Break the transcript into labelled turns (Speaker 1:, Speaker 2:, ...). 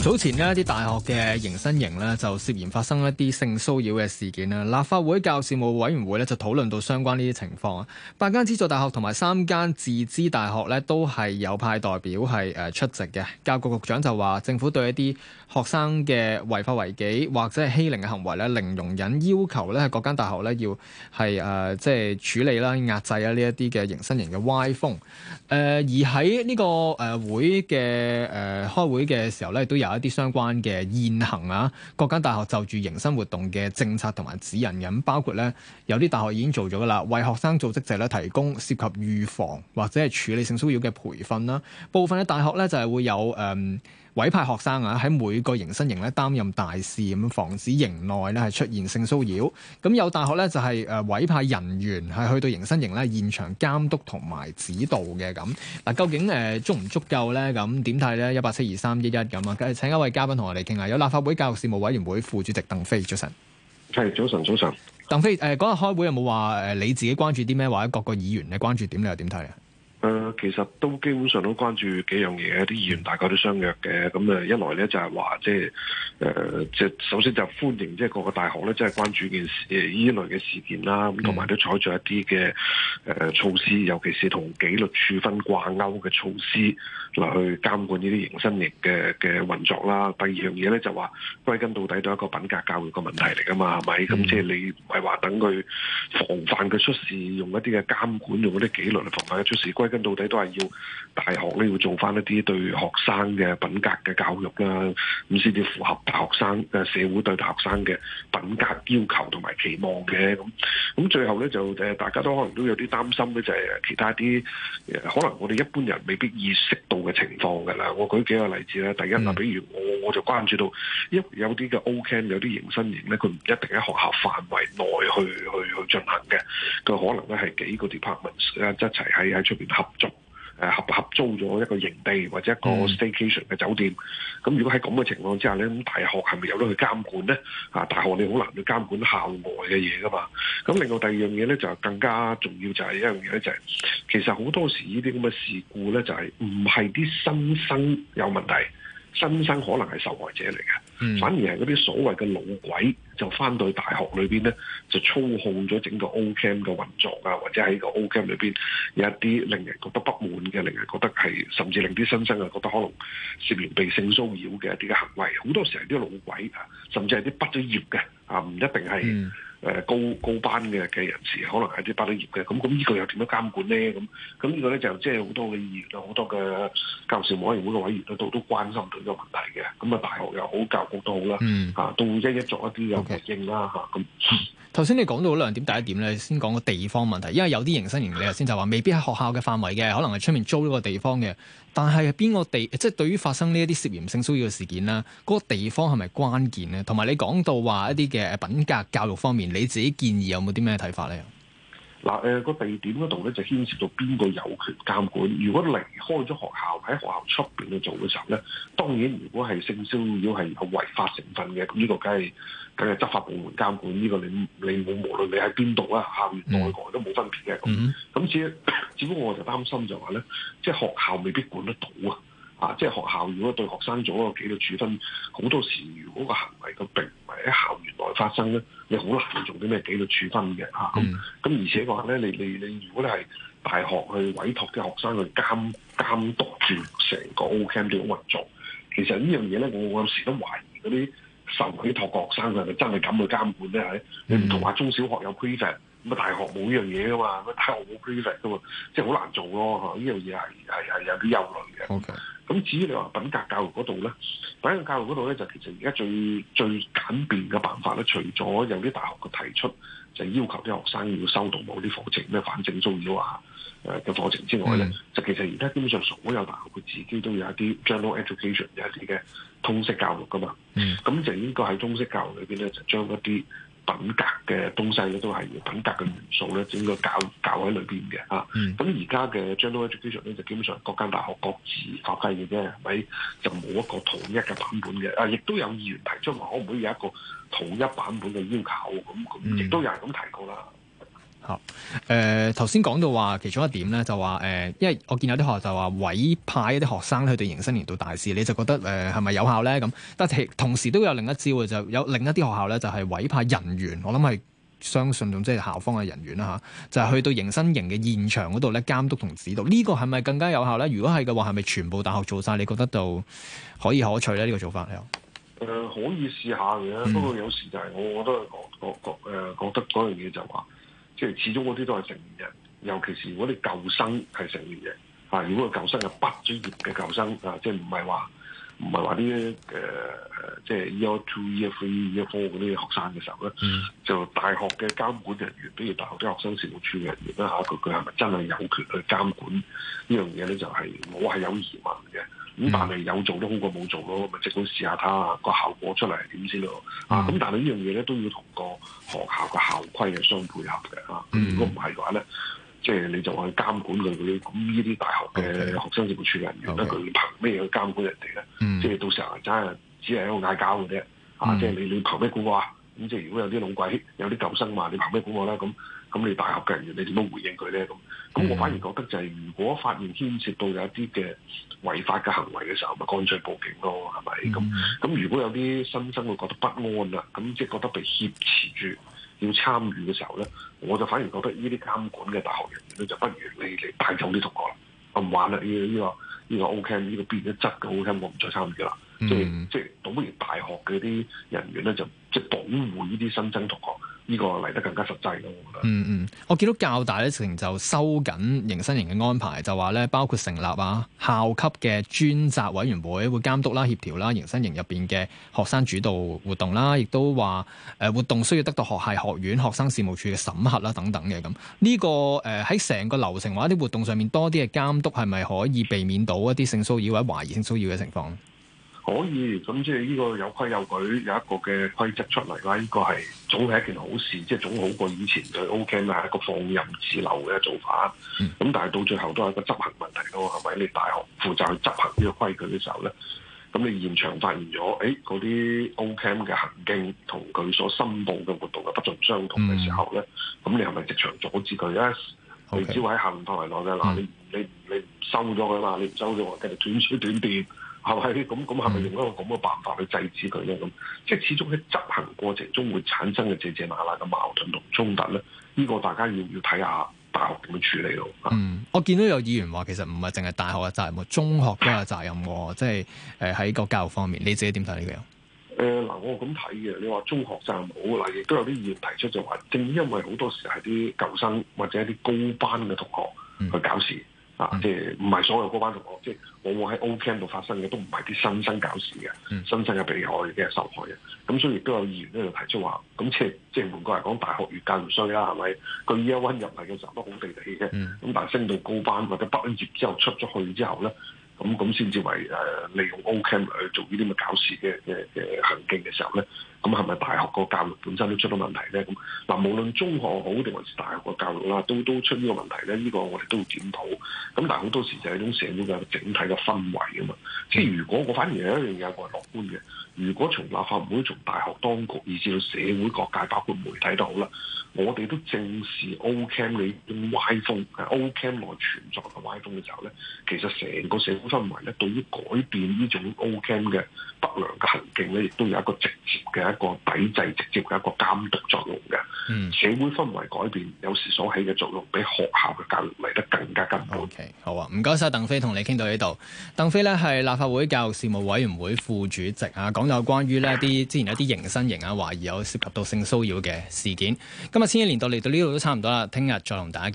Speaker 1: 早前咧，啲大學嘅迎新營咧就涉嫌發生一啲性騷擾嘅事件啦。立法會教事務委員會咧就討論到相關呢啲情況。啊八間資助大學同埋三間自資大學咧都係有派代表係誒、呃、出席嘅。教育局局長就話，政府對一啲學生嘅違法違紀或者係欺凌嘅行為咧零容忍，要呢呢，要求咧各間大學咧要係誒即係處理啦，壓制啊呢一啲嘅迎新營嘅歪風。誒、呃、而喺呢、這個誒、呃、會嘅誒、呃、開會嘅時候咧都有。有一啲相關嘅現行啊，各間大學就住迎新活動嘅政策同埋指引咁，包括咧有啲大學已經做咗噶啦，為學生組織者咧提供涉及預防或者係處理性騷擾嘅培訓啦，部分嘅大學咧就係、是、會有誒。嗯委派學生啊，喺每個迎新營咧擔任大使，咁，防止營內咧係出現性騷擾。咁有大學咧就係誒委派人員係去到迎新營咧現場監督同埋指導嘅咁。嗱，究竟誒足唔足夠咧？咁點睇咧？一八七二三一一咁啊！請一位嘉賓同我哋傾下。有立法會教育事務委員會副主席鄧飛，早晨。
Speaker 2: 係早晨，早晨。
Speaker 1: 早鄧飛誒嗰日開會有冇話誒你自己關注啲咩？或者各個議員嘅關注點你又點
Speaker 2: 睇啊？誒、呃，其實都基本上都關注幾樣嘢啲、嗯、議員大家都相約嘅，咁誒一來咧就係話即係誒，即、呃、係首先就歡迎即係、就是、各個大學咧，即、就、係、是、關注件事誒呢類嘅事件啦，咁同埋都採取一啲嘅誒措施，尤其是同紀律處分掛鈎嘅措施嚟去監管呢啲迎新營嘅嘅運作啦。第二樣嘢咧就話、是、歸根到底都係一個品格教育嘅問題嚟㗎嘛，係咪咁？即係你唔係話等佢防範佢出事，用一啲嘅監管用嗰啲紀律嚟防範佢出事，究竟到底都係要大學咧，要做翻一啲對學生嘅品格嘅教育啦，咁先至符合大學生嘅社會對大學生嘅品格要求同埋期望嘅。咁咁最後咧就誒，大家都可能都有啲擔心咧，就係其他啲可能我哋一般人未必意識到嘅情況噶啦。我舉幾個例子啦，第一就比如我。我就關注到，因為有啲嘅 O camp 有啲迎新營咧，佢唔一定喺學校範圍內去去去進行嘅，佢可能咧係幾個 department 啊一齊喺喺出邊合作，誒合合租咗一個營地或者一個 staycation 嘅酒店。咁、嗯、如果喺咁嘅情況之下咧，咁大學係咪有得去監管咧？啊，大學你好難去監管校外嘅嘢噶嘛。咁另外第二樣嘢咧就更加重要，就係一樣嘢咧就係，其實好多時呢啲咁嘅事故咧就係唔係啲新生有問題。新生可能係受害者嚟嘅，反而係嗰啲所謂嘅老鬼就翻到去大學裏邊咧，就操控咗整個 O Camp 嘅運作啊，或者喺個 O Camp 裏邊有一啲令人覺得不滿嘅，令人覺得係甚至令啲新生啊覺得可能涉嫌被性騷擾嘅一啲嘅行為，好多時候啲老鬼啊，甚至係啲畢咗業嘅啊，唔一定係。誒高高班嘅嘅人士，可能係啲畢咗業嘅，咁咁呢個又點樣監管呢？咁咁呢個咧就即係好多嘅議員啦，好多嘅教事委員會嘅委員都都關心到呢個問題嘅。咁啊，大學又好，教育局都好啦，嗯、啊都一一做一啲有應應啦嚇。
Speaker 1: 咁頭先你講到兩點，第一點咧先講個地方問題，因為有啲迎新營你頭先就話未必喺學校嘅範圍嘅，可能係出面租一個地方嘅。但係邊個地即係、就是、對於發生呢一啲涉嫌性騷擾事件啦，嗰、那個地方係咪關鍵呢？同埋你講到話一啲嘅品格教育方面。你自己建議有冇啲咩睇法咧？
Speaker 2: 嗱，誒個地點嗰度咧就牽涉到邊個有權監管。如果離開咗學校喺學校出邊去做嘅時候咧，當然如果係性騷擾如果係有違法成分嘅，咁呢個梗係梗係執法部門監管。呢個你你冇無論你喺邊度啊，校園內外都冇分別嘅。咁、mm hmm. 只只不過我就擔心就話咧，即係學校未必管得到啊！啊，即係學校如果對學生做一個紀律處分，好多時如果個行為佢並唔係喺校發生咧，你好難做啲咩紀律處分嘅嚇。咁咁而且話咧，你你你如果你係大學去委託啲學生去監監督住成個 O Camp 好難做。其實呢樣嘢咧，我有時都懷疑嗰啲受委託嘅學生佢係咪真係敢去監管咧？嗯、你唔同話中小學有 prefect，咁啊大學冇呢樣嘢噶嘛，大學冇 prefect 噶嘛，即係好難做咯，呢樣嘢係係係有啲憂慮嘅。Okay. 咁至於你話品格教育嗰度咧，品格教育嗰度咧就其實而家最最簡便嘅辦法咧，除咗有啲大學嘅提出就要求啲學生要修讀某啲課程，咩反正宗教啊誒嘅課程之外咧，mm. 就其實而家基本上所有大學佢自己都有一啲 general education 有一啲嘅通識教育噶嘛。咁整個喺通識教育裏邊咧，就將一啲。品格嘅東西咧，都係個品格嘅元素咧，整個教教喺裏邊嘅嚇。咁而家嘅 general education 咧，就基本上各間大學各自發揮嘅啫，咪就冇一個統一嘅版本嘅。啊，亦都有議員提出話，可唔可以有一個統一版本嘅要求咁？咁、嗯、亦、mm. 都有人咁提過啦。
Speaker 1: 好誒，頭先講到話其中一點咧，就話誒、呃，因為我見有啲學校就話委派一啲學生去到迎新營度大事，你就覺得誒係咪有效咧？咁但係同時都有另一招嘅，就有另一啲學校咧就係、是、委派人員，我諗係相信仲即係校方嘅人員啦吓，就是、去到迎新營嘅現場嗰度咧，監督同指導，呢、這個係咪更加有效咧？如果係嘅話，係咪全部大學做晒？你覺得就可以可取咧？呢、這個做法又誒、呃、可以試下嘅，
Speaker 2: 不過、嗯、有時就係我我都係講誒覺得嗰樣嘢就話。即係始終嗰啲都係成年人，尤其是嗰啲舊生係成年人。嚇、啊，如果個舊生係不專業嘅舊生，嚇、啊，即係唔係話唔係話啲誒，即係 Year 2、Year 3、Year 4嗰啲學生嘅時候咧，嗯、就大學嘅監管人員，比如大學啲學生事務處嘅人員咧嚇，佢佢係咪真係有權去監管呢樣嘢咧？就係、是、我係有疑問嘅。咁、嗯、但係有做都好過冇做咯，咪即係都試下睇下個效果出嚟點先咯。啊，咁、啊、但係呢樣嘢咧都要同個學校嘅校規係相配合嘅。嗯、啊，如果唔係嘅話咧，即、就、係、是、你就話監管佢，咁呢啲大學嘅學生事務處人員咧，佢、嗯、憑咩去監管人哋咧？即係、嗯、到時候真係只係喺度嗌交嘅啫。啊，即係你你憑咩估啊？嗯啊就是咁即係如果有啲老鬼，有啲舊生嘛，你憑咩管我咧？咁咁你大學嘅人員，你點樣回應佢咧？咁咁我反而覺得就係，如果發現牽涉到有一啲嘅違法嘅行為嘅時候，咪乾脆報警咯，係咪？咁咁如果有啲新生會覺得不安啦，咁即係覺得被挾持住要參與嘅時候咧，我就反而覺得呢啲監管嘅大學人員咧，就不如你嚟帶走啲同學啦，我唔玩啦呢個。呢個 OK，呢個變咗質嘅 OK，我唔再參與啦。即係，即係，倒不如大學嘅啲人員咧，就即係保護呢啲新生同學。呢個嚟得更加
Speaker 1: 實際咯，我覺得。嗯嗯，我見到教大咧，成就收緊迎新營嘅安排，就話咧包括成立啊校級嘅專責委員會，會監督啦、啊、協調啦，迎新營入邊嘅學生主導活動啦、啊，亦都話誒、呃、活動需要得到學系、學院、學生事務處嘅審核啦、啊、等等嘅咁。呢、這個誒喺成個流程或者啲活動上面多啲嘅監督，係咪可以避免到一啲性騷擾或者懷疑性騷擾嘅情況？
Speaker 2: 可以，咁即係呢個有規有矩，有一個嘅規則出嚟啦。呢個係總係一件好事，即係總好過以前嘅 O Camp 係一個放任自流嘅做法。咁、嗯、但係到最後都係一個執行問題咯，係咪？你大學負責去執行呢個規矩嘅時候咧，咁你現場發現咗，哎嗰啲 O Camp 嘅行徑同佢所申報嘅活動嘅不盡相同嘅時候咧，咁、嗯、你係咪即場阻止佢咧？你只會喺範圍內嘅嗱，你你你收咗佢嘛？你唔收咗我，繼續斷水斷電。係咪咁，咁係咪用一個咁嘅辦法去制止佢咧？咁、嗯、即係始終喺執行過程中會產生嘅，這這那那嘅矛盾同衝突咧？呢、呢個大家要要睇下大學點樣處理咯。嗯，
Speaker 1: 我見到有議員話其實唔係淨係大學嘅責任，中學都有責任喎。 即係誒喺個教育方面，你自己點睇呢樣？
Speaker 2: 誒嗱、呃，我咁睇嘅。你話中學生冇嗱，亦都有啲議員提出就話，正因為好多時係啲舊生或者一啲高班嘅同學去搞事。嗯啊！即係唔係所有高班同學，即、就、係、是、往我喺 O Camp 度發生嘅都唔係啲新生搞事嘅，嗯、新生嘅被害者受害嘅，咁所以亦都有議員喺度提出話，咁即係即係換句嚟講，大學越近越衰啦，係咪？佢 Year One 入嚟嘅時候都好地地嘅，咁、嗯、但係升到高班或者畢業之後出咗去之後咧，咁咁先至為誒利用 O Camp 做呢啲咁嘅搞事嘅嘅嘅行徑嘅時候咧。咁係咪大學個教育本身都出咗問題咧？咁嗱，無論中學好定還是大學個教育啦，都都出呢個問題咧。呢、呢個我哋都要檢討。咁但係好多時就係一種社會嘅整體嘅氛圍啊嘛。即係如果我反而有一樣嘢我係樂觀嘅，如果從立法會、從大學當局，以至到社會各界，包括媒體都好啦，我哋都正視 O Camp 你用歪風，O Camp 內存在嘅歪風嘅時候咧，其實成個社會氛圍咧對於改變呢種 O Camp 嘅不良嘅行徑咧，亦都有一個直接嘅。一個抵制，直接嘅一個監督作用嘅，嗯、社會氛圍改變有時所起嘅作用，比學校嘅教育嚟得更加根本。OK，好啊，
Speaker 1: 唔該晒，鄧飛同你傾到呢度。鄧飛呢係立法會教育事務委員會副主席啊，講咗關於呢啲之前一啲迎新營啊，懷疑有涉及到性騷擾嘅事件。今日千禧年代嚟到呢度都差唔多啦，聽日再同大家見面。